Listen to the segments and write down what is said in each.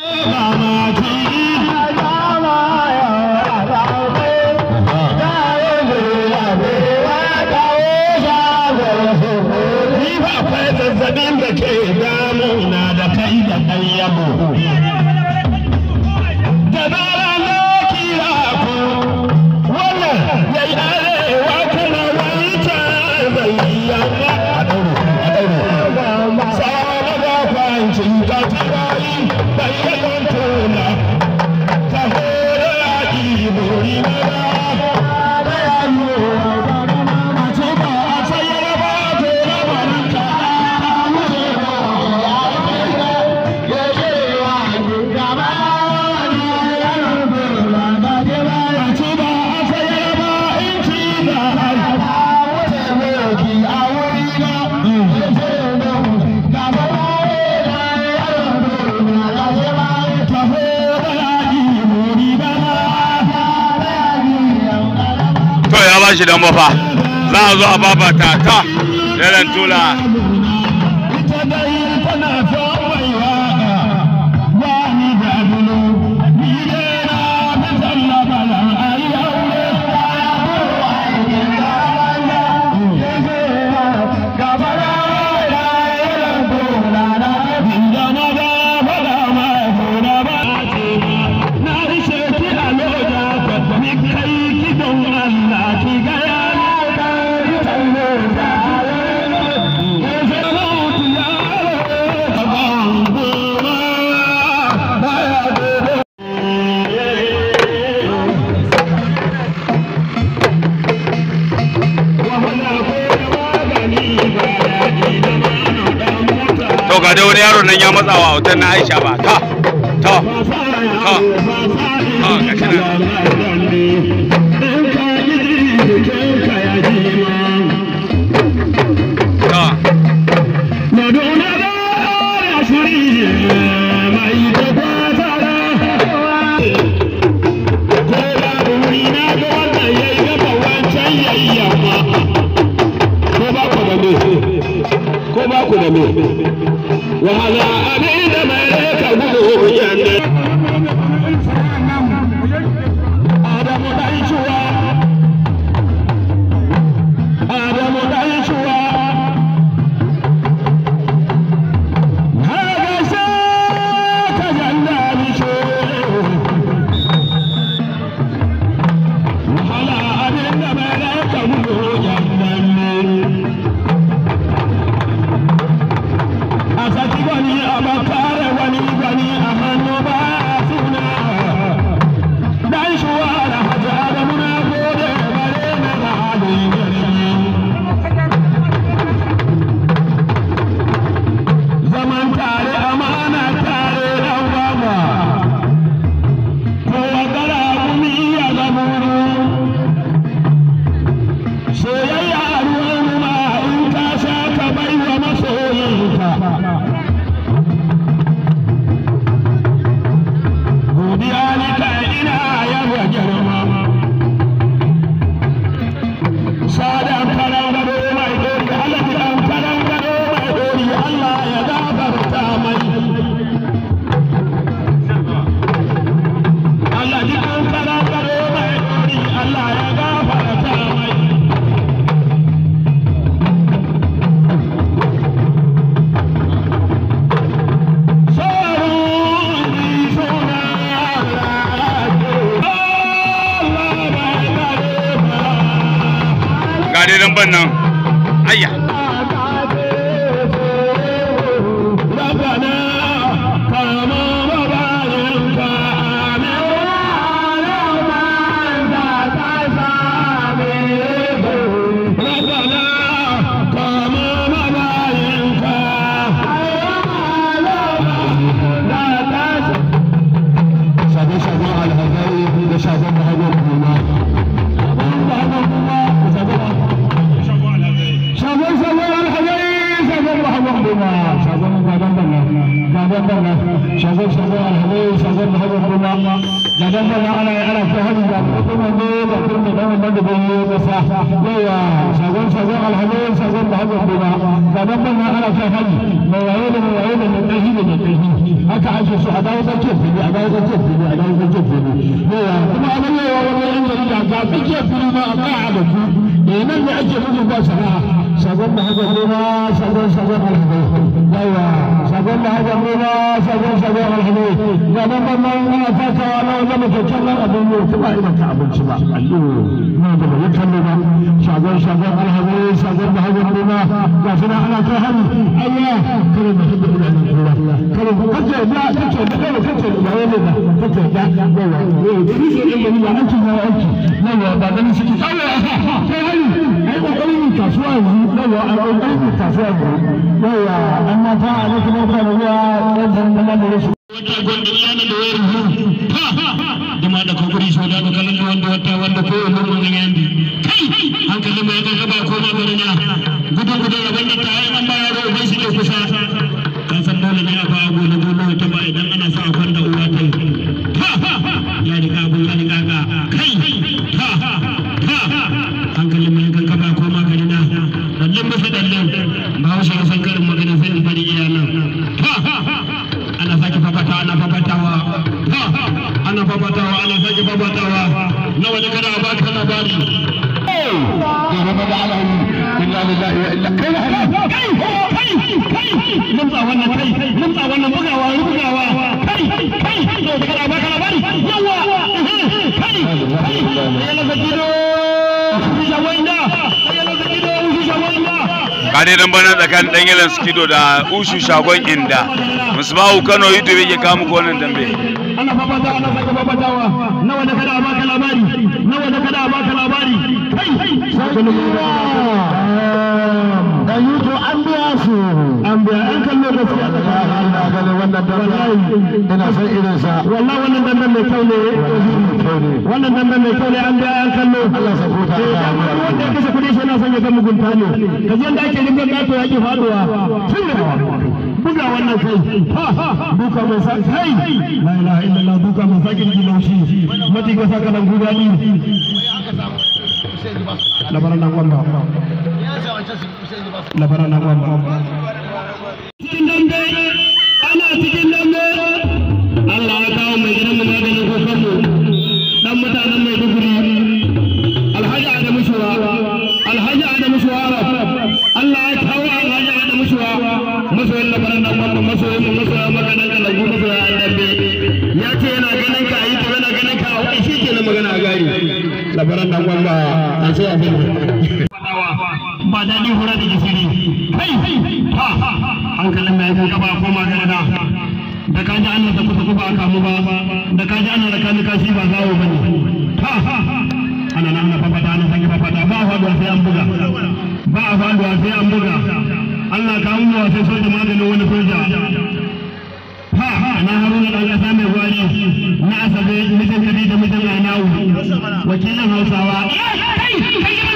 妈妈，听呀。shi dan mafa za a zo a babata ta yaran tula ba da wani yaro nan ya matsa wa hotel na aisha ba ta ta ta ta ta ta idan kaga ana ana ta hadu da kuma ne da kuma da wannan da bai yi kasa yawa shagon shagon alhamdulillah shagon da hakan kuma ga nan ban ana ta hadu mai waye da mai waye da mai kai da mai kai haka ake so a dawo tsakiyar fili a dawo tsakiyar a dawo tsakiyar fili yawa kuma abin yawa wannan yan jarida ga tsakiyar fili ma a ba a batu eh nan ne ake bugun ba sana'a سجن بهجر لنا سجن سجن الحبيب ايوه سجن بهجر لنا سجن سجن الحبيب يا بابا ما انا فاتح انا وجبت اتكلم ابو نور تبع الى كعب الشباب ايوه ما بقول يتكلم سجن سجن الحبيب سجن بهجر لنا يا سنا انا فهم ايوه كلمه حب الله كلمه قد جاء تكتب تكتب تكتب يا ولد تكتب يا ايوه ايه تريد ان انت ما انت yawa ba ganin suke yawa kai hari ai kokarin mu kasuwa yanzu yanzu ko gaba ko ma barna gudu gudu rabon kusa a kullum bahaushe magana sai fadi iya ana sake fafatawa ana fafatawa ana fafatawa ana sake fafatawa na wani kana ba ka labari inna lillahi wa inna kai kai kai kai mun tsa wannan kai mun tsa wannan bugawa rugawa kai kai to da kana ba ka labari yawa kai kai ya la zakido ya wani kare dan bana tsakanin dan yalan skido da ushu shagon inda musbahu kano yudu yake kawo muku wannan dambe ana fafata ana sake fafatawa nawa da kada baka labari nawa da kada baka labari kai sai da yuto an an biya an kallo gaskiya ina san irin sa wallahi wannan dandan mai kyau ne wannan dandan mai kyau ne an biya an kallo Allah sa ko ta wanda ya kashe kudi shi yana son ya ga mugunta ne kaje yanda ake rigar gato yake faduwa buga wannan kai buka mai sa kai la ilaha illallah buka mai sa kin laushi mati ga saka nan gudani labaran nan wannan labaran ana cikin dambe Allah dan duguri na a sai a fi daɗi hura da gisiri kai ha hankalin mai kan kaba da ka ji ana saku saku ba kamu ba da ka ji ana raka kashi ba zawo ba ne ha ana nan na fafata na sake fafata ba a faduwa sai an buga ba a faduwa sai an buga Allah ka hango sai soja maganin wani soja ha na haruna ɗan ƙasa mai gwari na asabe mijin kabi da mijin anawu wakilin hausawa kai kai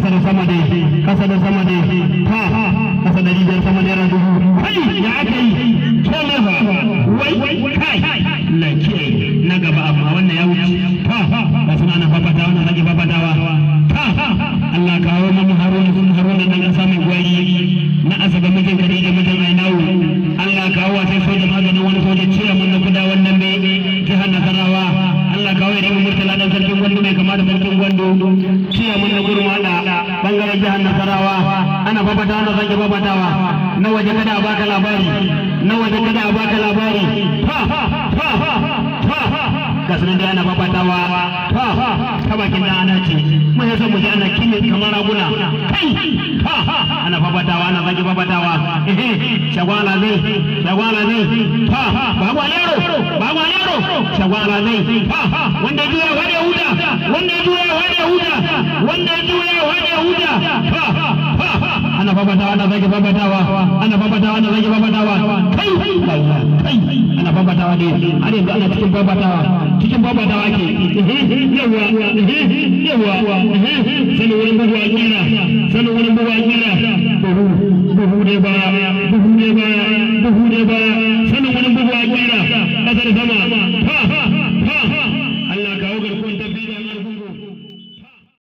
kasa da sama dai kasa da sama da ta kasa da biyar sama naira dubu kai ya aka yi to ne ba wai kai na kiyaye na gaba amma wannan ya wuce babadawa ana babadawa da na waje kada a baka labari na waje kada a baka labari ha ha ha ha ga sunan dai ana ha ta bakin ana ce mun yasa mu ji ana kimi kamar raguna kai ha ha ana babadawa ana zage babadawa eh shagwala ne shagwala ne ha ba gwalero ba gwalero shagwala ne ha wanda juya wanda huda wanda juya wanda huda wanda babatawa ana zage babatawa ana babatawa ana zage babatawa kai kai ana babatawa ne har yanzu ana cikin babatawa cikin babatawa ke yawa yawa bugu a bugu a buhu ne buhu ne buhu ne bugu a kasar sama